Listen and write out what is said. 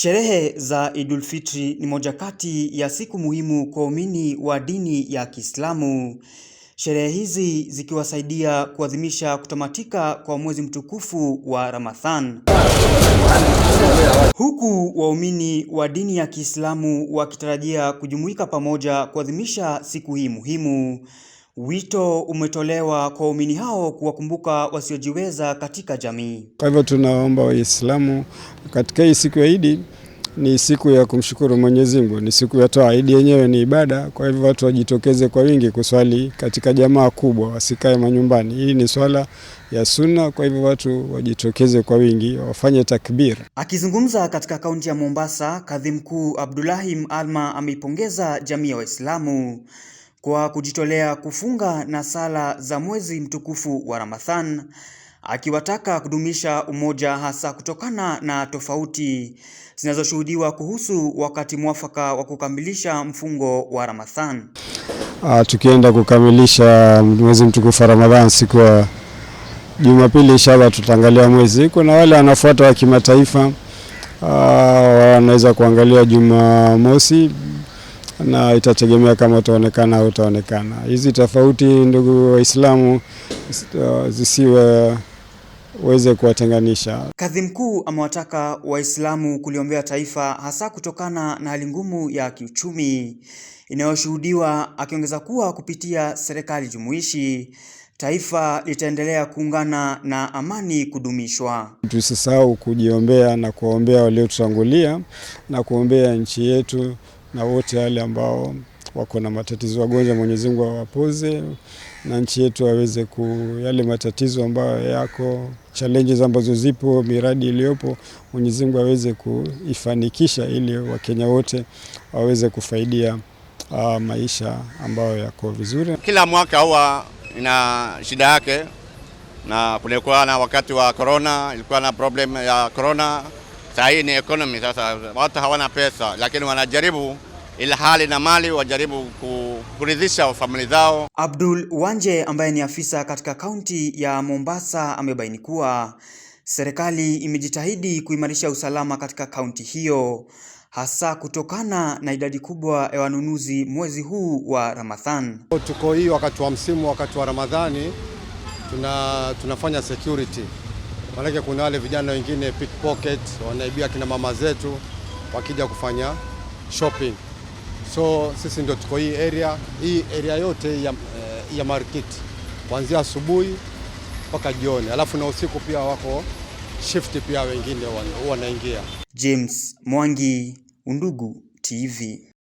Sherehe za Idul Fitri ni moja kati ya siku muhimu kwa waumini wa dini ya Kiislamu. Sherehe hizi zikiwasaidia kuadhimisha kutamatika kwa mwezi mtukufu wa Ramadhan. Huku waumini wa dini ya Kiislamu wakitarajia kujumuika pamoja kuadhimisha siku hii muhimu. Wito umetolewa kwa waumini hao kuwakumbuka wasiojiweza katika jamii. Kwa hivyo tunaomba Waislamu katika hii siku ya Idi ni siku ya kumshukuru Mwenyezi Mungu, ni siku ya toa. Idi yenyewe ni ibada, kwa hivyo watu wajitokeze kwa wingi kuswali katika jamaa kubwa, wasikae manyumbani. Hii ni swala ya sunna, kwa hivyo watu wajitokeze kwa wingi wafanye takbir. Akizungumza katika kaunti ya Mombasa, kadhi mkuu Abdulahim Alma ameipongeza jamii ya Waislamu kwa kujitolea kufunga na sala za mwezi mtukufu wa Ramadhan akiwataka kudumisha umoja hasa kutokana na tofauti zinazoshuhudiwa kuhusu wakati mwafaka wa kukamilisha mfungo wa Ramadhan. Ah, tukienda kukamilisha mwezi mtukufu wa Ramadhan siku ya Jumapili inshallah tutaangalia mwezi. Kuna wale wanafuata wa kimataifa ah, wanaweza kuangalia Jumamosi na itategemea kama utaonekana au utaonekana. Hizi tofauti, ndugu Waislamu, zisiwe uweze kuwatenganisha. Kadhi mkuu amewataka Waislamu kuliombea taifa hasa kutokana na hali ngumu ya kiuchumi inayoshuhudiwa, akiongeza kuwa kupitia serikali jumuishi taifa litaendelea kuungana na amani kudumishwa. Tusisahau kujiombea na kuwaombea waliotutangulia na kuombea nchi yetu na wote wale ambao wako na matatizo, wagonjwa, Mwenyezi Mungu awapoze na nchi yetu aweze ku yale matatizo ambayo yako, challenges ambazo zipo, miradi iliyopo, Mwenyezi Mungu aweze kuifanikisha ili Wakenya wote waweze kufaidia uh, maisha ambayo yako vizuri. Kila mwaka huwa ina shida yake, na kulikuwa na wakati wa corona, ilikuwa na problem ya corona. Sasa hii ni economy, sasa watu hawana pesa, lakini wanajaribu ila hali na mali wajaribu kuridhisha famili zao. Abdul Wanje ambaye ni afisa katika kaunti ya Mombasa amebaini kuwa serikali imejitahidi kuimarisha usalama katika kaunti hiyo hasa kutokana na idadi kubwa ya wanunuzi mwezi huu wa Ramadhan. Tuko hii wakati wa msimu, wakati wa Ramadhani tuna, tunafanya security, maanake kuna wale vijana wengine pickpocket wanaibia kina mama zetu wakija kufanya shopping. So sisi ndio tuko hii area, hii area yote ya, eh, ya market kuanzia asubuhi mpaka jioni, alafu na usiku pia wako shift pia wengine wanaingia. James Mwangi, Undugu TV.